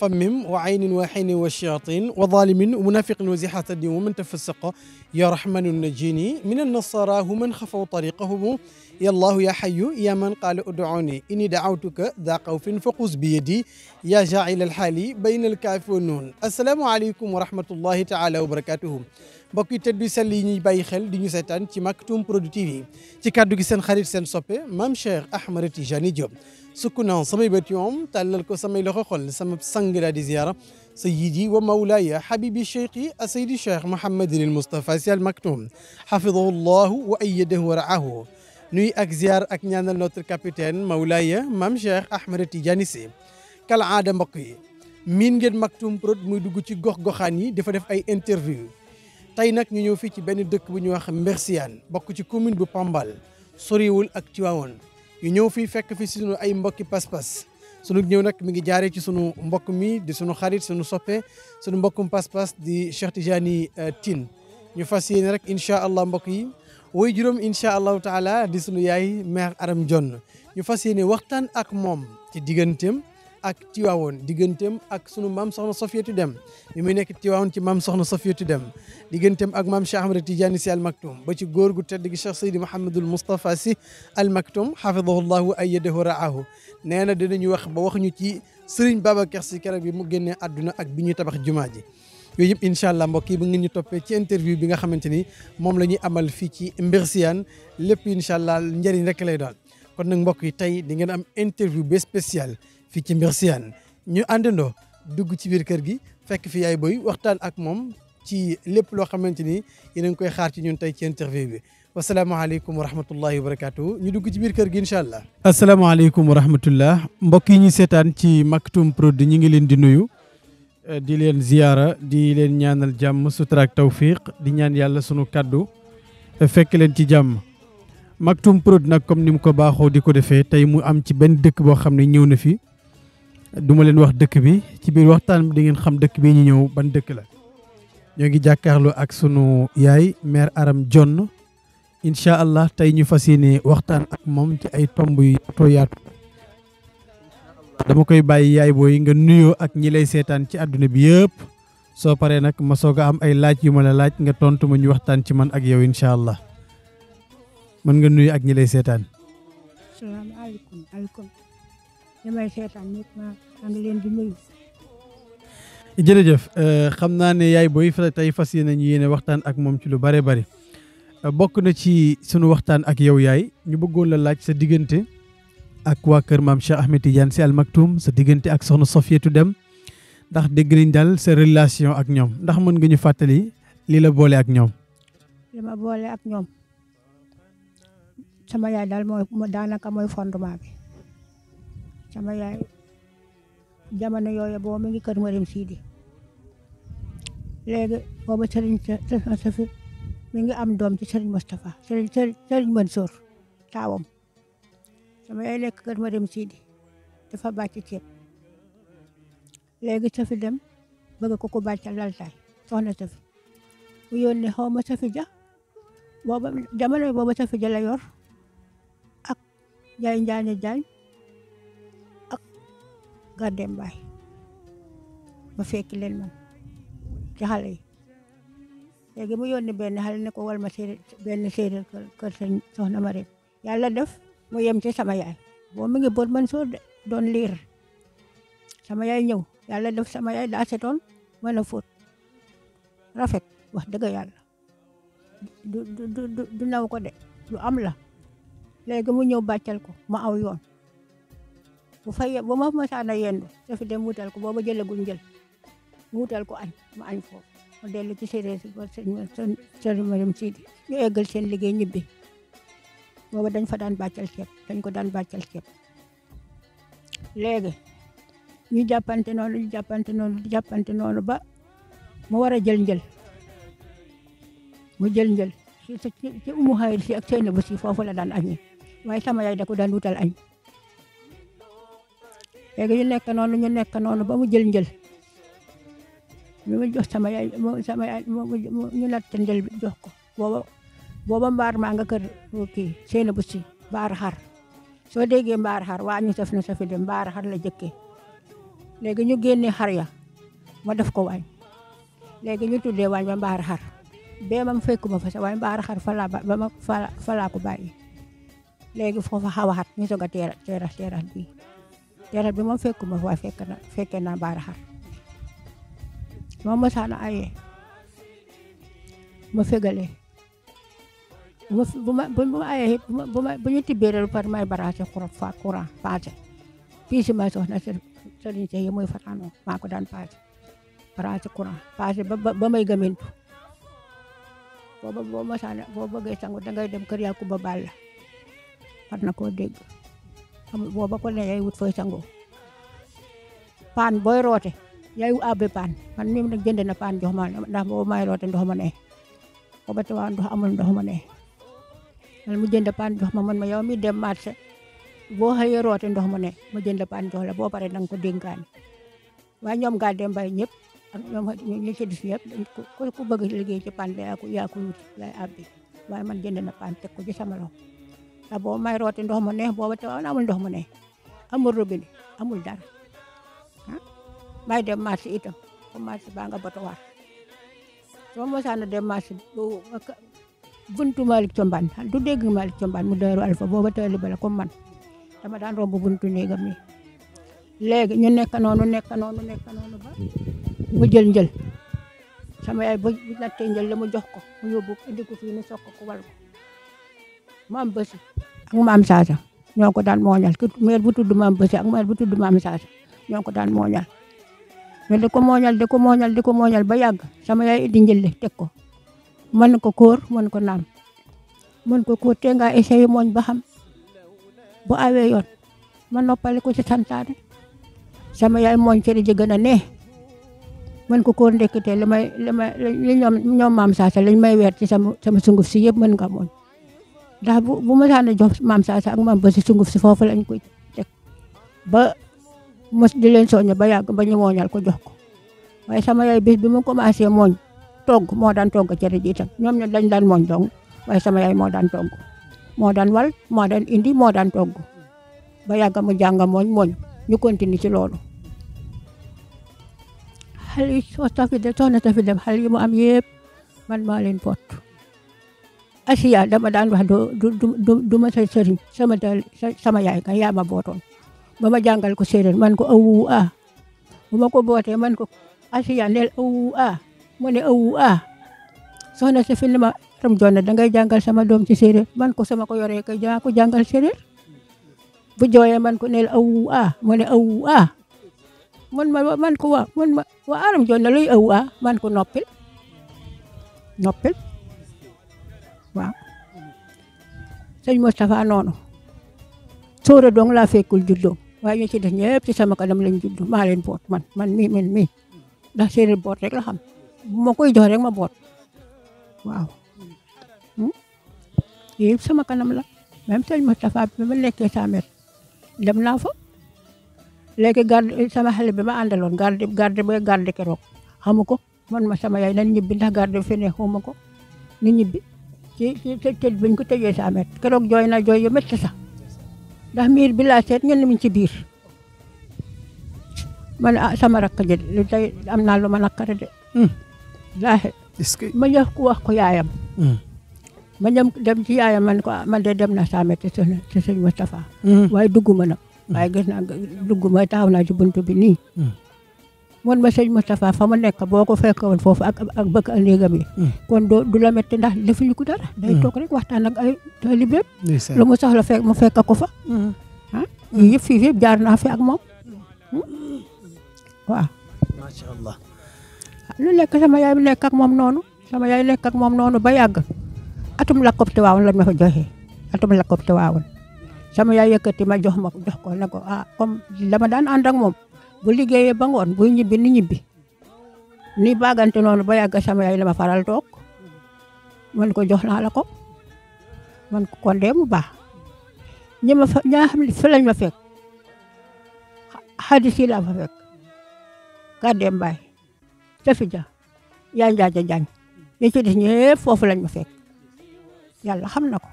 صمم وعين وحين وشياطين وظالم ومنافق وزيحة حاسد ومن تفسق يا رحمن نجيني من النصارى ومن خفوا طريقهم يا الله يا حي يا من قال ادعوني إني دعوتك ذا خوف فقوز بيدي يا جاعل الحالي بين الكاف والنون السلام عليكم ورحمة الله تعالى وبركاته bokki teddu sel li sell ñuy bàyyi xel di ñu sétan ci maktum productif yi ci kàddu gi seen xarit seen soppe mam Cheikh Ahmed Tijani Diop sukuna samay betiom talal ko samay loxo xol sama sang laa di ziyaara سيدي ومولاي حبيبي الشيخ السيد الشيخ محمد المصطفى سي المكتوم حفظه الله وأيده ورعاه نوي أك زيار أك نيانال نوتر كابيتان مولاي مام شيخ أحمد تيجاني كالعادة مقي مين جد مكتوم برود مي دوجو سي غوخ غوخان يي اي انترفيو tey nag ñu ñëw fii ci benn dëkk bu ñuy wax Mbersiane bokk ci commune bu Pambal soriwul ak Tivaouane ñu ñëw fii fekk fi sunu ay mbokki pas-pas sunu ñëw nag mi ngi jaaree ci sunu mbokk mi di sunu xarit sunu soppe sunu mbokkum pas-pas di Cheikh Tijani euh, Tine ñu fas yéene rek incha allah mbokk yi woy juróom incha allahu taala di sunu yaay mère Aram Dione ñu fas yéene waxtaan ak moom ci digganteem ak Tiwaawoon digganteem ak sunu maam soxna Safiyatu Dem bi muy nekk Tiwaawoon ci maam soxna Safiyatu Dem digganteem ak maam Cheikh Ahmad Tidiane Sy Al Maktoum ba ci gor gu tedd gi Cheikh Seydi Mouhamadul Moustapha Sy Al Maktoum xafidahullahu ayyadahu raahu nee na dinañu wax ba wax ci Serigne Babacar Sy keroog bi mu génnee àdduna ak bi tabax ji mbokk yi bu ngeen ñu ci interview bi nga xamante ni moom amal fii ci Mbersiane lépp incha allah njëriñ rek lay daal kon mbokk yi di ngeen am interview bi spécial fii ci mbir siyaan ñu àndandoo dugg ci biir kër gi fekk fii ay boy waxtaan ak moom ci lépp loo xamante ni yéen koy xaar ci ñun tey ci interview bi wasalaamaaleykum wa rahmatullahi wa barakaatu ñu dugg ci biir kër gi incha allah. asalaamaaleykum wa rahmatullah mbokk yi ñu seetaan ci Maktoum Prod ñu ngi leen di nuyu. di leen ziyaara di leen ñaanal jàmm sutura ak tawfiq di ñaan yàlla sunu kàddu fekk leen ci jàmm Maktoum produ nag comme ni mu ko baaxoo di ko defee tey mu am ci benn dëkk boo xam ne ñëw na fi du ma leen wax dëkk bi ci biir waxtaan bi di ngeen xam dëkk bi ñu ñëw ban dëkk la ñoo ngi ak sunu yaay maire aram Dione incha allah tey ñu fas waxtaan ak moom ci ay tomb yu yaatu dama koy bàyyi yaay booy nga nuyoo ak ñi lay seetaan ci àdduna bi yëpp soo paree nag ma soog a am ay laaj yu ma la laaj nga tontu ma ñu waxtaan ci man ak yow allah mën nga nuyu ak ñi lay seetaan. salaamaaleykum damay seetaan nit ma maa leen di nuyu. jërëjëf euh, xam naa ne yaay booy tey fas yéene ñu yéene waxtaan ak moom ci lu bare bari euh, bokk na ci sunu waxtaan ak yow yaay ñu bëggoon la laaj sa diggante ak waa kër maam Cheikh Ahmed Tidiane Sy Al sa diggante ak soxna sovietu dem ndax dégg nañ daal sa relation ak ñoom ndax mën nga ñu fàttali lii la boole ak ñoom. sama yaay daal mooy daanaka mooy fondement bi. sama yaay jamono yooyu boobu mi ngi kër Mariam Sidi léegi boobu Serigne Serigne Safi mi ngi am doom ci Serigne Mustapha Serigne Serigne Mansour taawam sama yaay nekk kër Mariam Sidi dafa bàcc ceeb léegi Safi dem bëgg ko ko bàccal laltaay soxna Safi mu yónnee xaw ma Safi ja booba jamono booba Safi ja la yor ak Njaay Njaane Jaañ Garden Bay ma fekk leen ci xale yi léegi mu yónni benn xale ne ko wal ma séeréer benn séeréer kër sa soxna ma rek def mu yem ci sama yaay boo mu ngi boot man soo doon liir sama yaay ñëw yàlla def sama yaay daa setoon mën a rafet wax dëgg yàlla du du du naw ko de lu am la léegi mu ñëw bàccal ko ma aw yoon su fay ba ma masaan a yendu dafa dem wutal ko booba jëlagul njël mu wutal ko añ ma añ foofu ma dellu ci séeréer si ba sëñ ma dem si ñu eggal seen liggéey ñibbi booba dañ fa daan bàccal ceeb dañ ko daan bàccal ceeb léegi ñu jàppante noonu ñu jàppante noonu jàppante noonu ba mu war a jël mu jël njël ci ci umu xayir si ak seen bu si foofu la daan añee waaye sama yaay da ko daan wutal añ léegi ñu nekk noonu ñu nekk noonu ba mu jël njël ñu ma jox sama yaay sama yaay ñu natt njël jox ko booba booba mbaar maa nga kër kii seen bu si mbaar xar soo déggee mbaar xar waa ñu saf na safi de mbaar xar la jëkkee léegi ñu génne xar ya ma def ko waañ léegi ñu tuddee waañ ba mbaar xar bee mam fekkuma fa sa waañ mbaar xar fa laa ba ma fa laa ko bàyyi léegi foofa xaw a xat ñu soog a teera teera teera bii deret bi moom fekkuma fa waaye fekk na fekkee naa mbaara xar moom mosaana ayee ma fegalee bu ma bu ma ayee bu ma bu ñu tibbee rek par may baraase courant fa courant paase piisi may soxna sëriñ Seex yi muy fataanoo maa ko daan paase baraase courant paase ba may gamintu booba boo mosaana boo bëggee sangu dangay dem kër Yakuba Balla war na koo dégg xam booba ko ne yaay wut fooy sango paan booy roote yaay wu abbe paan man mii na jënd na paan jox ma ndax booba maay ndox ma ne ndox amul ndox ma ne man mu jënd paan jox ma man ma yow mi dem marché boo xëyee roote ndox mu ne ma jënd paan jox la boo pare danga ko dénkaan waaye ñoom gaa dem bay ñépp ak ñoom ñi ci dis ñëpp ku bëgg liggéey ci paan bi yaa ko yaa ko wut yaay abbe waaye man jënd na paan teg ko ci sama a boobu may rooti ndox mu neex boobu Tivaouane amul ndox mu neex amul robinet amul dara ah may dem marché itam comme marché baa nga botowaar soo mosaan a dem marché buntu Malick Thiombane du dégg Malick Thiombane mu Daaru Alpha boobu taalibe la comme man dama daan romb buntu néegam nii léegi ñu nekk noonu nekk noonu nekk noonu ba mu jël njël sama yaay bu nattee njël la mu jox ko mu yóbbu indi ko fii mu sokk ko wal maam Basi ak maam Saasa ñoo ko daan mooñal ki meer bu tudd maam Basi ak meer bu tudd maam Saasa ñoo ko daan mooñal mais ko mooñal di ko mooñal di ko mooñal ba yàgg sama yaay indi njëlle teg ko mën ko kóor mën ko naam mën ko ko te nga essayé mooñ ba xam bu awee yoon ma noppale ko ci santaane sama yaay mooñ cere ji gën a neex mën ko kóor ndekkite li may li may li ñoom ñoom maam lañ may weer ci sama sama sunguf si yëpp mën nga mooñ ndax bu bu ma saan a jox maam Saasa ak maam Basi sunguf si foofu lañ koy teg ba mos di leen soññe ba yàgg ba ñu wooñal ko jox ko waaye sama yaay bis bi mu commencé mooñ togg moo daan togg cere jiitam ñoom ñoo dañ daan mooñ dong waaye sama yaay moo daan togg moo daan wal moo daan indi moo daan togg ba yàgg mu jàng mooñ mooñ ñu continue ci loolu. xale yi soo tafi de soxna tafi dem xale mu am yëpp man maa leen pot. asiya dama daan wax du du ma sa sama dal sama yaay kan yaa ma bootoon ba ma jàngal ko séeréer man ko awu ah. a bu ma ko bootee man ko asiya neel awu ah. a mu ne awu a ah. soxna ma ram joon na dangay jàngal sama doom ci séeréer man ko sama ko yoree kay jaa ko jàngal bu jooyee man ko neel awu a mu ne awu a man ma man ko wa man ma wa awu a man ko noppil noppil waaw sëñ Moustapha noonu sóora dong laa fekkul juddoo waaye ñu ci def ci sama kanam lañ juddu maa leen boot man man mii man mii ndax séeréer boot rek la xam bu ma koy jox rek ma boot waaw hmm? sama kanam la même sëñ Moustapha bi ma nekkee Saamel dem naa fa léegi garde sama xale bi ma àndaloon garde garde ba garde keroog xamu ko man ma sama yaay nan ñibbi ndax garde bi fi ko ni ñibbi ci ci tëj biñ ñu ko tëjee sa amet keroog jooy na jooy yu métti sax ndax miir bi laa seet ñenn mi ci biir man ne ah sama rakk tey am na lu ma nakkare de. Hmm. laaxe ma ku wax ko yaayam. Hmm. ma dem dem ci yaayam man ko ah, man de dem na saa metti ci ci sëñ Moustapha. Hmm. waaye dugg ma nag. waaye gis naa dugg ma taxaw naa ci buntu bi nii. man ma sëñ Moustapha fa ma nekk boo ko fekkee woon foofu ak ak bëgg a néegam yi hmm. kon du la métti ndax defuñu ko dara day hmm. toog rek waxtaan ak ay talibé lu mu soxla fekk mu fekk ko fa hmm. ah yëpp fii yëpp jaar naa fi ak moom waaw lu nekk sama yaay nekk ak moom noonu sama yaay nekk ak moom noonu ba yàgg atum lakkoob te waawoon lañ ma fa joxee atum lakkoob te waawoon sama yaay yëkkati ma jox ma jox ko ne ko ah comme dama daan ànd ak moom bu liggéeyee ba ngoon buy ñibbi ni ñibbi ni bagante noonu ba yàgg sama yaay la ma faral toog man ko jox naa ko man ko kon dee mu baax ñi ma fa ña xam ne fa lañ ma fekk xadis mbaay tafi ja yaa njaaja jaañ ñi ci des ñëpp foofu lañ ma fekk yàlla xam na ko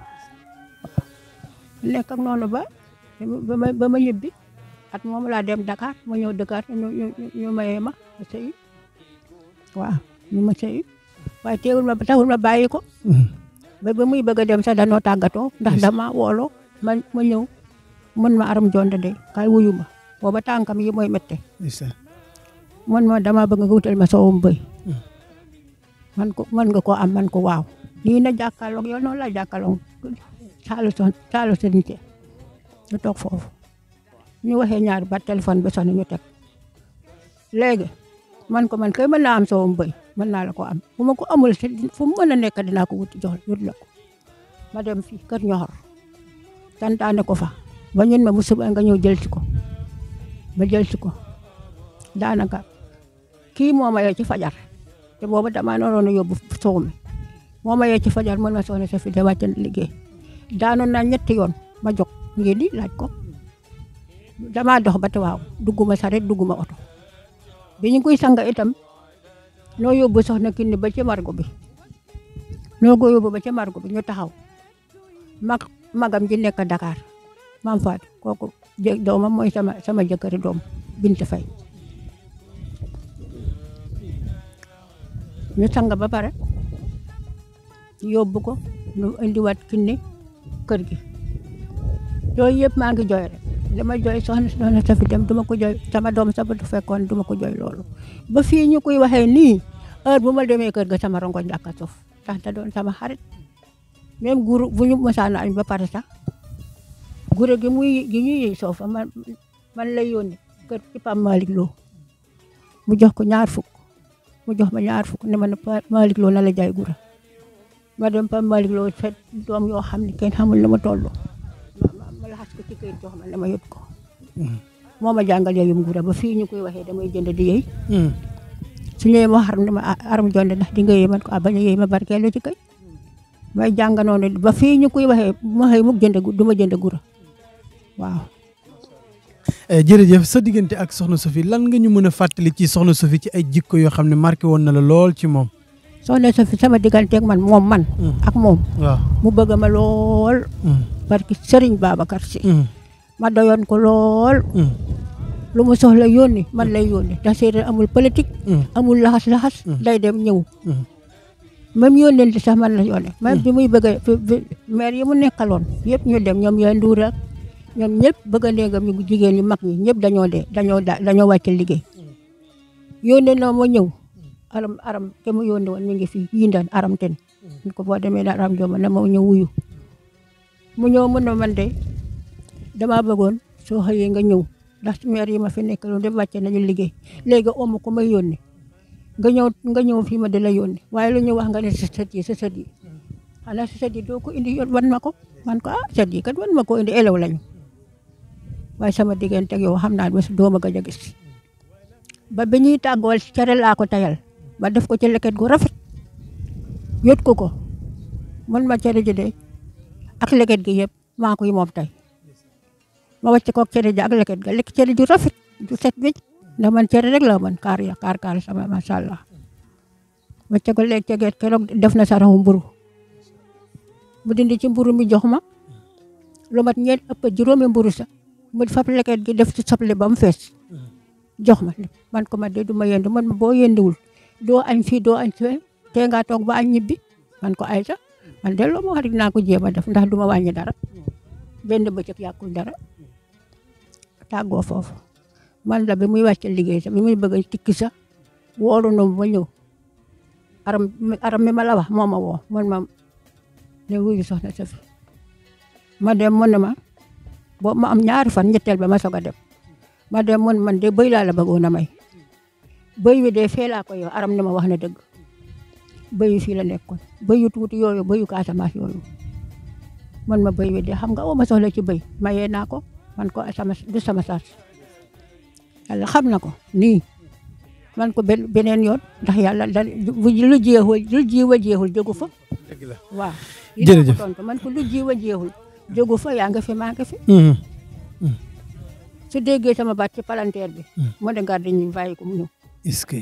nekk noonu ba ba ma ñibbi at moom laa dem Dakar ma ñëw Dakar ñu ñu ñu ma ma sëyi waaw ñu ma sëyi waaye teewul ma taxul ma bàyyi ko. Mm-hmm. ba ba muy bëgg a dem sax danoo tàggatoo. ndax dama wooloo ma ma ñëw mën ma aram jonte de kay wuyu ma booba tànkam yi mooy métte. man ma dama bëgg nga wutal ma soowum bëy. Mm. man ko man nga koo am man ko waaw. nii na jàkkaarloog yoo noonu la jàkkaarloog. Saalum Saalum Saalum ñu toog foofu. ñu waxee ñaari ba téléphone bi sonn ñu teg léegi man ko man kay mën naa am sama mbéy mën naa la ko am bu ma ko amul si fu mu mën a nekk dinaa ko wuti jox wut la ko ma dem fi kër Ñoxor tantaane ko fa ba ñun ma bu suba nga ñëw jël ci ko ba jël ci ko daanaka kii moo ma yee ci fajar te boobu damaa naroon a yóbbu soow mi moo ma yee ci fajar mën ma soxna sa fi de wàcc liggéey daanoon na ñetti yoon ma jóg ngeen di laaj ko. damaa dox ba Tiwaaw dugguma saret dugguma oto bi ñu koy sanga itam noo yóbbu soxna Kiné ba ci margo bi noo ko yóbbu ba ci margo bi ñu taxaw mag magam ji nekk Dakar maam Fatou kooku jë doomam mooy sama sama jëkkëri doom Binta Faye ñu sanga ba pare yóbbu ko ñu indiwaat Kiné kër gi yooyu yëpp maa ngi jooy dama jooy soxna si tafi dem duma ko jooy sama dom sama du fekkoon duma ko jooy loolu ba fii ñu koy waxee nii heure bu ma ga sama rongoñ dàkka suuf tax da sama harit. même guru bu ñu mosaan añ ba pare sax gure gi muy gi ñuy yëy soofa man man lay yónni kër ci Pam Malick Lo mu jox ko ñaar fukk mu jox ma ñaar fukk ne ma ne Lo na la gura ma dem Pam malik Lo fet doom yo xam ne xamul la parce que ci këyit jox ma ne ma yóbbu ko. moo ma jàngal yooyu nguura ba fii ñu koy waxee damay jënd di yëy. Hmm. su ñëwee ma xar ne jonde ndax di nga yëy man ko ah bañ a yëy ma barkeelu ci kay. may jàng noonu ba fii ñu koy waxee ma xëy mu jënd du jënd gura waaw. Eh, jërëjëf sa diggante ak soxna Sophie lan nga ñu mën a fàttali ci soxna Sophie ci ay jikko yoo xam ne marqué woon na la lool ci moom. soo sa sa sama diggante hmm. ak ya. hmm. hmm. man mom, man ak mom mu bëgg ma lool parce que Serigne Babacar Sy ma doyon ko lool lu mu soxla yónni man lay yónni da séeréer amul politique amul lahas lahas, day dem ñëw même yónneen sax man la yónnee même bi muy bëgg a maire yi mu nekkaloon yëpp ñu dem ñoom yooy nduur ak ñoom ñëpp bëgg a néegam ñu jigéen ñi mag ñi ñëpp dañoo dee dañoo dañoo wàcc liggéey yónnee na ma ñëw aram aram ke mu yónni woon mi ngi fi yindaan aram ten ko boo demee daal aram jooma ne ma ñëw wuyu mu ñëw mun na man de damaa bëggoon soo xëyee nga ñëw ndax maire yi ma fi nekk loolu de wàcce nañu liggéey léegi omo ko may yónni nga ñëw nga ñëw fii ma di la yónni waaye lu ñu wax nga ne sa sa sët yi xanaa sa ko indi wan ma ko man ko a ah, sët yi kat wan ma ko indi elew lañu waaye sama diggante ak yow xam naa bés doo ma gëj a gis ba bi ñuy tàggoo cere laa ko tayal ma def ko ci leket gu rafet yot ko ko man ma cere ji de ak leket gi yëpp maa yi moom tey ma wàcc koog cere ji ak leket ga lekk cere ju rafet ju set wécc ndax man cere rek la man kaar ya kaar kaar sama macha allah wàcc ko lekk cegeet keroog def na saraxu mburu mu dindi ci mburu mi jox ma lu mat ñeent ëpp juróomi mburu sa mu fab leket gi def ci soble ba mu fees jox ma man ko ma de du ma yendu man boo yenduwul doo añ fii doo añ fee tee ngaa toog ba añ ñibbi man ko ayta man delloo ma xarit naa ko jéem a def ndax du ma wàññi dara benn bëccëg yàqul dara tàggoo foofu man la muy wàcce liggéey sax bi muy bëgg a tikki sax wóolu na ma ñëw aram mi ma la wax moo ma woo man ma ne wuyu soxna Safi ma dem mu ne ma bo ma am ñaari fan ñetteel ba ma soog a dem ma dem mu man de bëy laa la bëggoon a may bëy wi dee fee aram na ma wax na dëgg bëyu fii la nekkoon bëyu tuuti yooyu bëyu Casamance yooyu man ma bëy wi dee xam nga oo ma soxla ci bëy mayee naa ko man ko sama du sama saas yàlla xam na ko nii man ko benn beneen yoon ndax yàlla da lu jeexul lu jiwa jeexul jógu fa dëgg la waaw man ko lu jiwa jeexul jógu fa ya nga fi maa nga fi mm-hmm. Mm-hmm. su déggee sama baat ci palanteer bi mm-hmm. mo de garde ñu bàyyi ko mu ñëw est-ce que.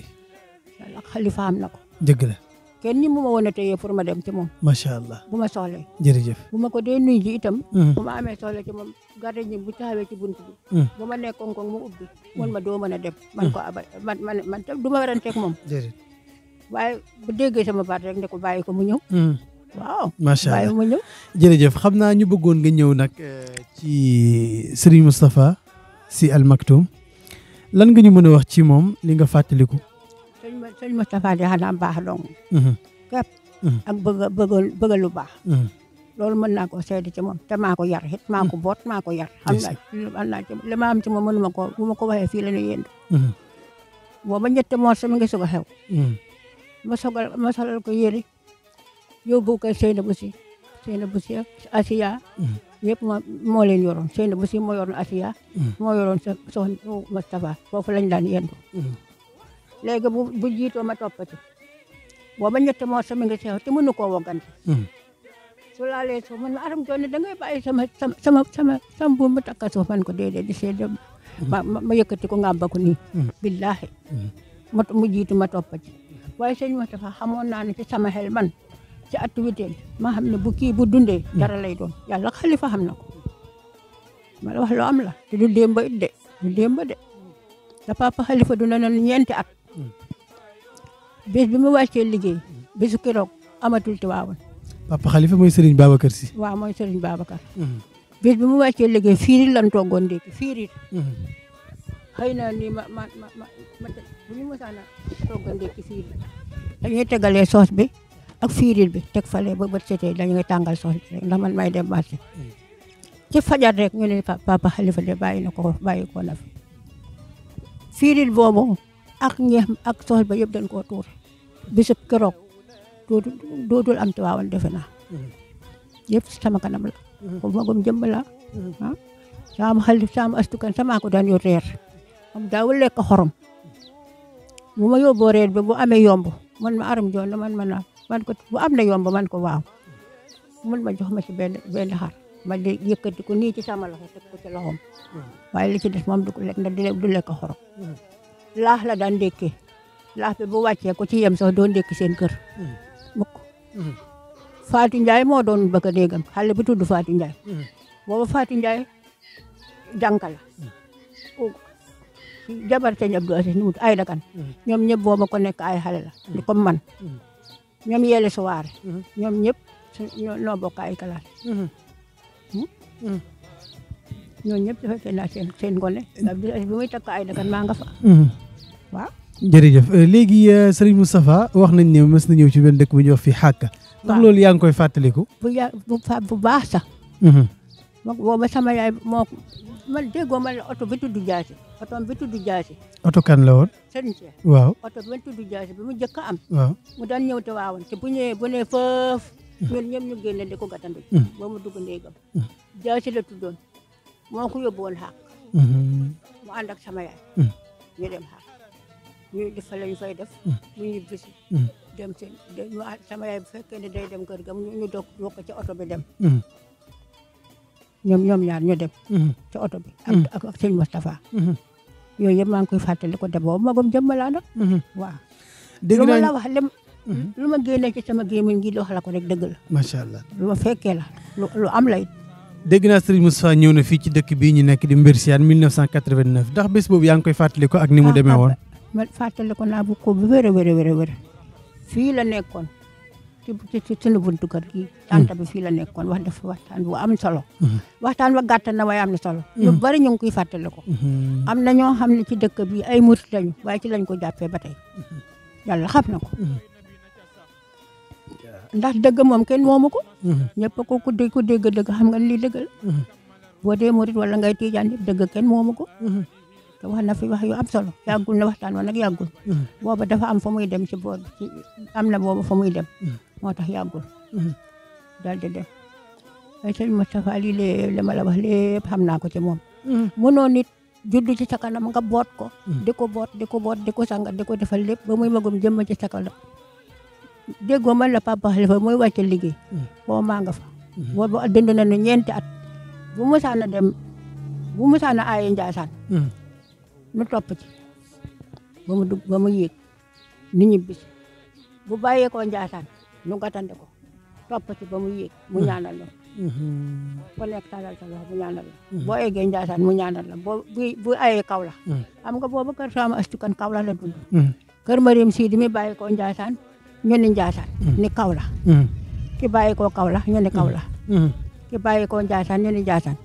xalifa am na ko. dëgg la. kenn ni mu ma woon a téye pour ma dem ci moom. macha allah bu ma soxlee. jërëjëf bu ma ko dee nuyu ji itam. Hmm. bu ma amee soxla ci moom garde ñi bu taxawee ci buntu bi. Hmm. bu ma nekkoon ko mu ubbi. Hmm. ma doo mën a dem. man ko abal man man man tam du ma waranteeg moom. jërëjëf waaye bu déggee sama baat rek ne ko bàyyi ko mu ñëw. waaw macha allah bàyyi mu ñëw. jërëjëf xam naa ñu bëggoon nga ñëw nag eh, ci Serigne Moustapha si Al Maktoum. lan nga ñu mën wax ci moom li nga fàttaliku. sëñ sëñ Moustapha di xanaa baax dong. Mhm. képp. Mhm. ak bëgg bëgg lu baax. Mhm. loolu mën naa koo seede ci moom te maa ko yar it maa ko boot maa ko yar. xam naa ci ma am ci koo bu ma ko waxee fii la ñu yéen. booba ñetti moor sama ngi soog a xew. ma sogal ma solal ko yére yóbbu ko si Seynabou ñëpp moo leen yoroon Seyna bu si moo yoroon Asiya mm. moo yoroon soxna Moustapha foofu lañ daan yendu mm. léegi bu bu jiitoo ma toppati booba ñett moo sama ngi seex te mënu koo woggante mm. su laalee suuf ma aram joone da ngay bàyyi sama sama sama sama sama bu mu takka suuf ko déedéet di seede yëkkati ko ngàmba ko nii ma toppati waaye sëñ Moustapha sama xel ci activité bi ma xam ne bu kii bu dundee dara lay doon yàlla xalifa xam na ko ma la wax lu am la te du démb it de du démb de da papa xalifa dund na ñeenti at bés bi mu wàccee liggéey bésu keroog amatul te waawoon papa xalifa mooy Serigne Babacar si waaw mooy Serigne Babacar mhm. mu wàccee liggéey fiirit lan toggoon ndéki fiirit mhm. xëy na ni ma ma ma ma bu ñu mosaan a toggoon ndéki fiirit tegalee soos bi ak fiiril bi teg fale ba bët setee dañu ngi tàngal soxla rek man may dem marché ci fajar rek ñu papa Xalifa de bàyyi na ko bàyyi ko na fi boobu ak ñeex ak soxla ba yëpp dañ koo tuur bisub keroog dootul dootul am tuwaawoon defe naa yëpp sama kanam la ko magum jëmb la ah sama xel sama astukan sama ko daan yor reer am daawul lekk xorom bu ma yóbboo reer bi bu ame yomb man ma aram joon man ma naan man ko bu am la yomb man ko waaw mun ma jox ma ci benn benn xar ma di yëkkati ko nii ci sama loxo teg ko ci loxoom hmm. waaye li ci des moom du ko lekk ndax du lekk xorom hmm. laax la daan ndékkee laax bi bu wàccee ko ci yem sax doo ndékki seen kër hmm. mukk moo doon bëgg a déggam xale bi tudd Fatou Ndiaye booba Fatou Ndiaye jànka la jabar ca Abdou Aziz ay dakan ñoom ñëpp booba ko nekk ay xale la ni comme man ñoom yeele suwaare mhm. ñoom ñëpp noo bokk ay kalaas mhm. hmm? mhm. ñooñu ñëpp dafa fekk naa seen seen gone ndax bi muy takk ay dakan maa nga fa euh, léegi euh, sëriñ Moustapha wax nañ ne mës na ñëw ci benn dëkk bu ñuy wax fii xàkk ndax loolu yaa ngi koy fàttaliku bu baax sax booba sama yaay moo man déggoo ma ne oto bi tudd Jaasi oto bi tudd Jaasi oto kan la woon sëriñ Cheikh waaw oto bi tudd Jaasi bi mu njëkk a am mu daan ñëw te waawoon te bu ñëwee bu ne foof ñun ñëpp ñu génne di ko gàttandu mm. ba mu dugg néegam Jaasi mm. la tuddoon moo ko yóbbu woon xaq mm-hmm. mu ànd ak sama yaay mm. ñu dem xaq ñu def fa la ñu fay def ñu ñibbi si dem seen sama yaay bu fekkee ne day dem kër ga ñu doog wokk ci oto bi dem ñoom ñoom ñaar ñoo dem. Mm-hmm. ci oto bi. ak mm-hmm. ak sëñ mm-hmm. yooyu yëpp maa ngi koy fàttali ko te ma magam jëmm laa nag. waaw. dégg naa lu ma la wax lem. lu ma génnee ci sama gémmiñ gi di wax la ko rek dëgg la. macha allah lu ma fekkee la lu am la it. dégg naa Serigne Moustapha ñëw na fii ci dëkk bii ñu nekk di mbir Mbersiyaan 1989 ndax bés boobu yaa ngi koy fàttali ko ak ni mu ah, demee ah, woon. man ko naa bu ko bu wér a wér a wér a fii la nekkoon. ci ci la buntu kër gi tante bi fii la nekkoon wax dafa waxtaan bu am solo mm-hmm. waxtaan wa gàtt na waaye am na solo lu mm-hmm. bari ñu ngi koy fàttali ko mm-hmm. am na ñoo xam ne ci dëkk bi ay murit lañu waaye ci lañ ko jàppee ba tey yàlla xam na ko ndax dëgg moom kenn moomu ko ñëpp ko ku dégg ku dégg dëgg xam nga lii dëgg la boo dee murit wala ngay tiijaan yëpp dëgg kenn moomu ko te wax na fi wax yu am solo yàggul na waxtaan wa nag yàggul booba dafa am fa muy dem ci boor am na booba fa muy dem moo tax yàggul daal di dem ay sëñ Moustapha lii lépp li ma la wax lépp xam naa ko ci moom mënoo nit juddu ci sa kanam nga boot ko mm-hmm. di ko boot di ko boot di ko sangat di ko defal lépp ba muy magum jëmm ci sa kanam déggoo man la papa Xalifa muy wàcc liggéey mm-hmm. boo maa nga fa mm-hmm. boobu dund na nu ñeenti at bu musaana dem bu musaana aaye Njaasaan nu topp ci ba mu dugg ba mu yéeg ni ñibbisi bu bàyyee koo Njaasaan nu gàttandi ko topp ci ba mu yéeg mu mm-hmm. ñaanal la ku mm-hmm. nekk talal sa loxo mu ñaanal la mm-hmm. boo eggee Njaasaan mu ñaanal la boo bu bu ayee Kaolack am nga boobu kër Sama Astu Kan Kaolack la dund kër Mariam Sidi mi bàyyi ko Njaasaan ñu ni Njaasaan ni Kaolack ki bàyyi ko Kaolack ñu ni Kaolack ki bàyyi ko Njaasaan ñu ni Njaasaan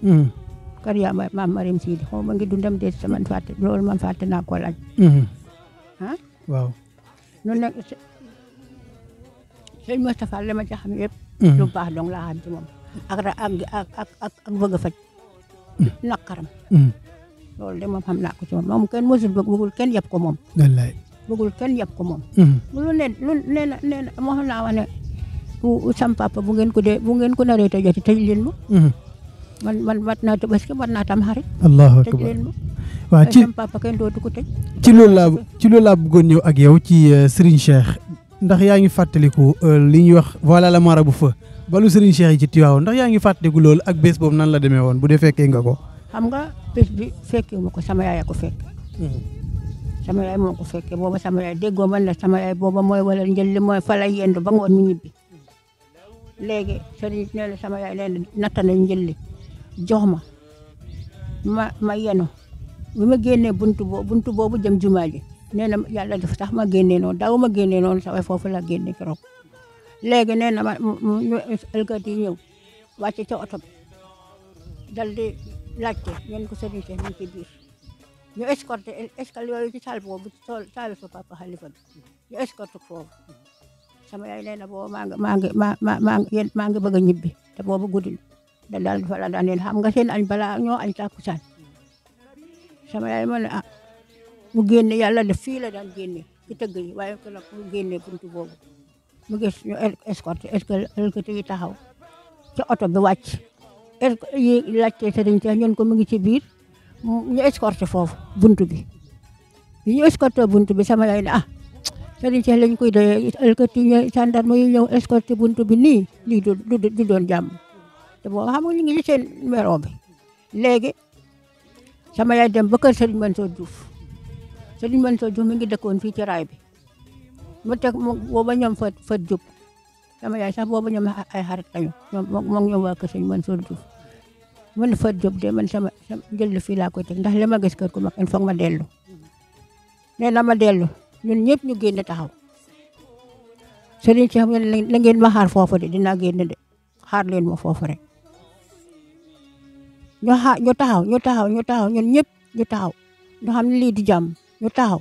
kër yaa maam Mariam Sidi xaw ma ngi dundam déet sama fàtte lool man fàtte naa ko laaj ah waaw ne sëñ Moustapha la ma ca xam yëpp. lu baax dong laa xam ci moom. ak ra ak ak ak ak bëgg a faj. loolu de moom xam naa ko ci moom moom kenn mësul bëgg bëggul kenn yab ko moom. wallaay bëggul kenn yab ko moom. lu ne lu nee na nee na moo xam naa wax ne bu ngeen ko de bu ngeen ko na te joti tëj leen ma. man man mat naa tabaski mat naa tam xarit. allahu akbar tëj leen ma. waaw ci sam papa kenn dootu ko tëj. ci loolu laa ci loolu laa bëggoon ñëw ak yow ci euh, Serigne ndax yaa ngi fàttaliku euh, li ñuy wax voilà la bu fa balu Serigne Cheikh yi ci Tiwaawoon ndax yaa ngi fàttaliku loolu ak bés boobu nan la demee woon bu dee fekkee nga ko. xam nga bés bi fekkee ma ko sama yaay ko fekk. Mhm. sama moo ko fekkee booba sama yaay déggoo man la sama yaay booba mooy wala njël li mooy fa la yendu ba ngoon mu ñibbi léegi Serigne nee na sama yaay nee na natt jox ma ma ma yenu bi ma génnee bunt boobu buntu boobu jëm jumaa ji nee na yàlla dafa tax ma génne noonu daaw ma génne noonu sa foofu la génne keroog léegi nee na ma ñu alkaati yi ñëw wàcc ca oto bi dal di laajte ñeen ko sëriñ si ñu ci biir ñu escorté escalier yooyu ci saal boobu saal fa papa xalifa bi ñu escorté foofu sama yaay nee na boobu maa ngi maa ngi maa maa ngi bëgg ñibbi te boobu guddi da daal dafa la daan yéen xam nga seen añ balaa ñoo añ tàkkusaan sama yaay ma ne mu génne yàlla def fii la daan génne ci tëgg yi waaye ko mu génne buntu boobu mu gis ñu escorte escorte yi taxaw ci oto bi wàcc yi laajte sëriñ Seex ñun ko mu ngi ci biir ñu foofu buntu bi bi ñu escorte buntu bi sama yaay ne ah sëriñ Seex lañ koy doyee alkati yi gendarme yi ñëw escorte buntu bi nii lii du doon jàmm te boobu xam ñu ngi ci bi léegi sama yaay dem ba kër sëriñ Mansour Diouf Serigne Mansour Diouf mi ngi dëkkoon fii ci bi mu teg moom booba ñoom fa fa jub sama yaay sax booba ñoom ay xarit lañu ñoom moom ñoom waa kër Serigne Mansour Diouf man fa jub de man sama jël fii laa koy teg ndax li ma gis kër ku mag il faut ma dellu nee na ma dellu ñun ñëpp ñu génn taxaw Serigne Cheikh mu ne la ngeen ma xaar foofu de dinaa génn de xaar leen ma foofu rek ñu xaar ñu taxaw ñu taxaw ñu taxaw ñun ñëpp ñu taxaw ñu xam ne lii di jàmm ñu taxaw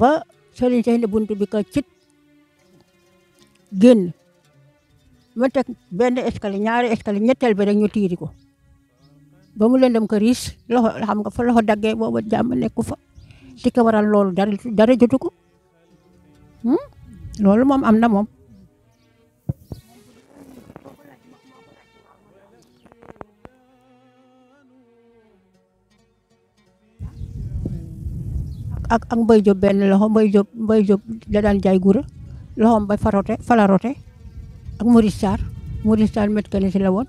ba Serigne Cheikh ne buntu bi ka cit génn ma teg benn escalier ñaari escalier ñetteel bi ñu tiiri ko ba mu leen dem ko riis loxo xam nga fa loxo daggee booba jàmm nekku fa ci ko waral loolu dara dara jotu ko hmm? loolu moom am na moom. ak ak Mbaye Diop benn loxo Mbaye Diop Mbaye Diop da daan jaay gura loxoom ba farote falarote ak Maurice Sarr Maurice Sarr la woon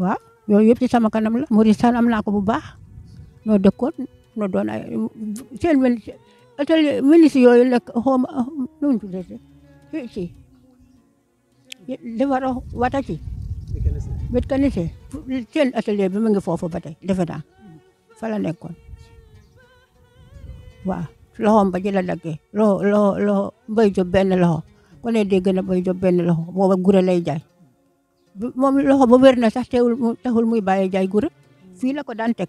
waaw yooyu yëpp ci sama kanam la Maurice Sarr am naa ko bu baax noo dëkkoon noo doon ay seen atelier ministre ci defar wata ci mécanicien seen atelier bi mu ngi foofu ba tey defe naa fa nekkoon waaw loxoom ba ci la daggee loxo loxo loxo Mbaye Diop benn loxo ku ne dégg na Mbaye Diop benn loxo booba gure lay jaay moom loxo ba wér na sax teewul muy bàyyee jaay gure fii la ko daan teg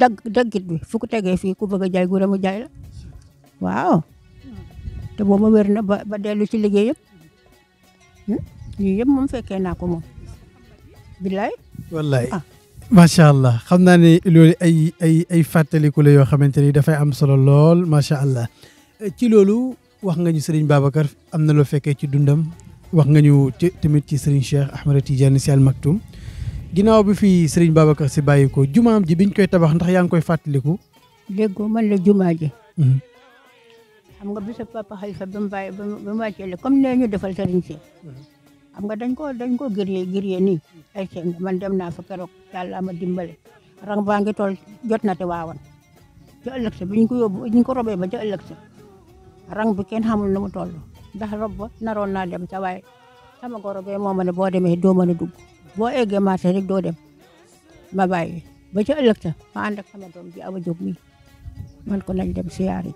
dagg daggit bi fu ko tegee fii ku bëgg a jaay gure mu jaay la waaw te booba ma na ba dellu ci liggéey yëpp hmm? yii yëpp moom naa ko moom bilaay macha allah xam naa ne loolu ay ay ay fàttaliku la yoo xamante ni dafay am solo lool macha allah eh, ci loolu wax nga ñu Serigne Babacar am na loo fekkee ci dundam wax nga ñu tamit ci Serigne Cheikh Ahmed Tidiane Sy Al Maktoum ginnaaw bi fi Serigne Babacar si bàyyi ko jumaam ji biñ koy tabax ndax yaa ngi koy fàttaliku. déggoo man la jumaa ji. Mm-hmm. xam nga bisu papa Khalifa ba mu bàyyi ba mu wàccee la comme nee ñu defal Serigne Cheikh. Mm-hmm. xam nga dañ ko dañ ko gërye gërye nii ay seen man dem naa fa keroog yàlla ma dimbale rang baa ngi tool jot na te waawan ca ëllëg sa bi ko yóbbu ñu ko robee ba ca ëllëg sa rang bi kenn xamul nu mu toll ndax rob ba naroon naa dem sa waaye sama goro bee moo ma ne boo demee doo mën a dugg boo eggee marché rek doo dem ma bàyyi ba ca ëllëg sa ma ànd ak sama doom ji awa jóg mi man ko nañ dem siyaare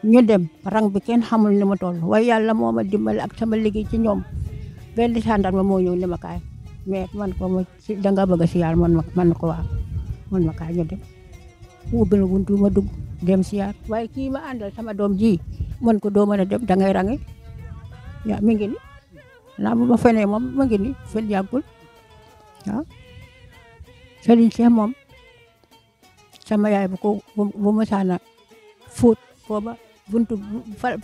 ji ñu dem rang bi kenn xamul nu mu toll waaye yàlla moo ma dimbale ak sama liggéey ci ñoom benn gendarme moo ñëw ne ma kaay mais man ko ma si bëgg a siyaar man ma ko waaw man ma kaay ñu dem ubbi na buntu ma dugg dem siyaar waaye kii ma àndal sama doom ji man ko doo mën a dem da ngay range yaa mi ngi ni naa bu fenee moom ma fen yàggul waaw Serigne Cheikh moom sama yaay bu ko bu ma saana fóot booba buntu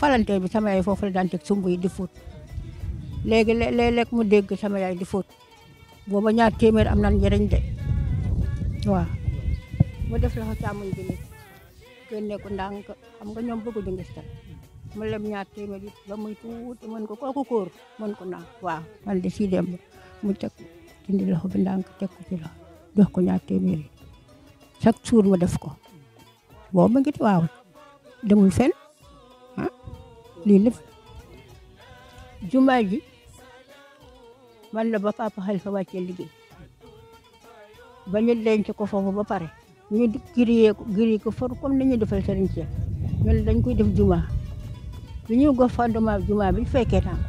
falante bi sama yaay foofu la daan teg sumb di fóot léegi léeg-léeg mu dégg sama yaay di fóot booba ñaar téeméer am na njëriñ de waaw mu def loxo càmmoñ bi nii génne ko ndànk xam nga ñoom bëgguñu ngistal mu lem ñaar téeméer it ba muy tuuti mën ko kooku kóor mën ko naan waaw man de fii dem mu teg dindi loxo bi ndànk teg ku ci jox ku ñaar téeméer yi chaque jour mu def ko boobu mu ngi waaw demul fenn ah lii ji man la ba papa Khalifa wàccee liggéey ba ñu denc ko foofu ba pare ñu giriyee ko giri ko for comme ni ñu defal sëriñ Cheikh ñu ne dañ koy def juma bi ñuy go fondement juma bi fekkee naa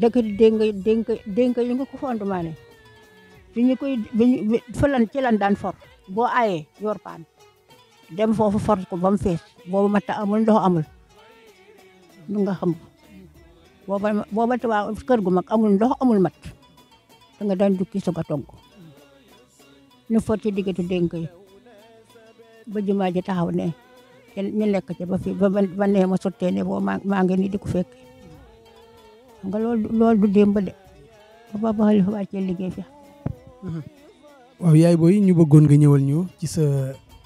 dëkk di dénk dénk dénk yi nga ko fondement ne bi ñu koy bi ci lan daan for boo aayee yor dem foofu for ko ba mu fees boobu matta amul ndox amul lu nga xam booba booba tubaab kër gu mag amul ndox amul mat da nga daan jukki soog a togg ñu fot ci diggante dénk yi ba jumaa ji taxaw ne ñu lekk ci ba fi ba ba nee ma sottee ne boo maa ngi nii di ko fekk nga loolu loolu du démb de ba ba xalifa wàccee liggéey fi mhm. waaw yaay booy ñu bëggoon nga ñëwal ñu ci sa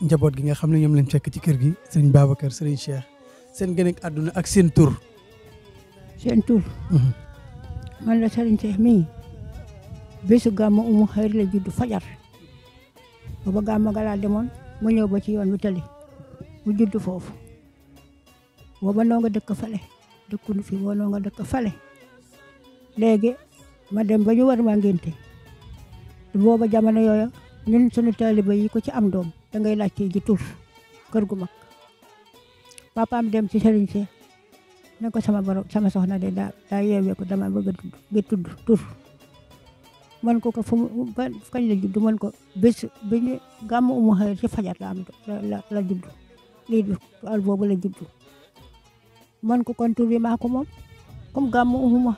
njaboot gi nga xam ne ñoom lañ fekk ci kër gi sëriñ Babacar sëriñ Cheikh seen gën ak àdduna ak seen tur seen tur. Mhm. man la Serigne Cheikh mii bésu gàmmu umu xayri la judd fajar booba gàmmu ga demoon mu ñëw ba ci yoon wi tali mu judd foofu booba noo nga dëkk fale dëkkunu fi boo noo nga dëkk fale léegi ma dem ba ñu war ma ngénte booba jamono yooyu ñun sunu taaliba yi ko ci am doom da ngay laajte ji tur kër gu mag papaam dem ci Serigne Cheikh ne sama boro sama soxna de daa daa yeewee ko dama bëgg a tudd tur man ko ko fu mu la judd man ko bés gàmm umu xëy ci fajar la am la la judd boobu la judd man ko kon tur bi maa ko moom gàmm umu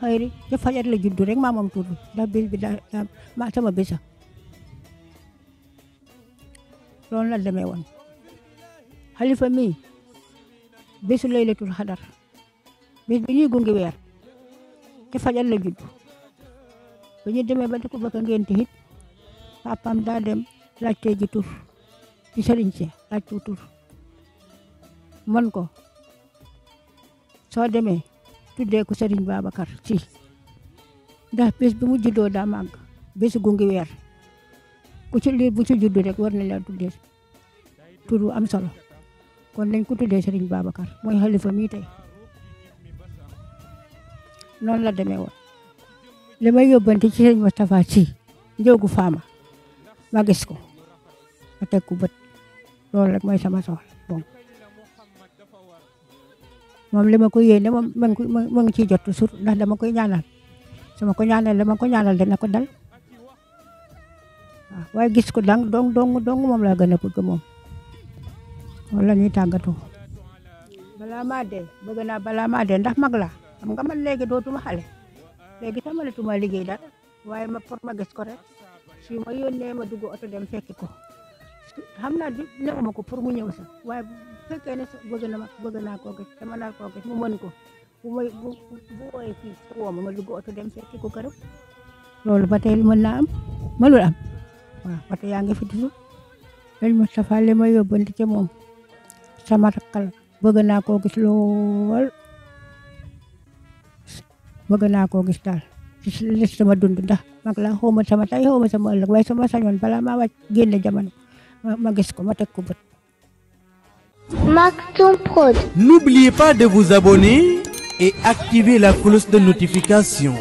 la judd rek maa moom tur bi ndax bés la demee woon xalifa mi bésu bis bi ñuy gungi weer ci fajal la judd bu ñu demee ba di ko bëgg a ngénte it papaam daa dem laajte ji tur ci sëriñ si laajte tur mën ko soo demee tuddee ko sëriñ Babacar si ndax bis bi mu juddoo daa màgg bis gungi weer ku ci liir bu ci juddu rek war nañ laa tuddee tur bu am solo kon nañ ko tuddee sëriñ Babacar mooy xalifa mii tey noonu la demee woon li may yóbbante ci sëñ Moustapha Sy njóogu faama ma gis ko ma teg ku bët loolu rek mooy sama soxla moom li ma ko yéene moom ma ngi ciy jot toujours ndax dama koy ñaanal sama ko ñaanal dama ko ñaanal dina ko dal waaye gis ko dang dong dong moom laa gën a bëgg moom moom la ñuy tàggatoo balaa maa dee bëgg naa balaa maa dee ndax mag la xam nga man léegi dootuma xale léegi sax mënatuma liggéey dara waaye ma pour ma gis ko rek su ma yónnee ma dugg oto dem fekki ko xam naa du néew ma ñëw sax waaye bu na ma bëgg naa koo gis dama naa koo gis mu ko bu may bu oto dem fekki ko këram loolu ba tey mën naa am mënul am waaw ba tey yaa ngi fi dund El Moustapha li ma yóbbante ci moom sama rakkal bëgg naa koo gis lool. bëgg naa koo gis daal ci sama dund ndax mag la xaw sama tey xaw sama ëllëg waaye sama sañoon balaa maa wàcc génne jamono ma gis ko ma teg ko bët. Maktoum Prod. N'oubliez pas de vous abonner et activer la cloche de notification.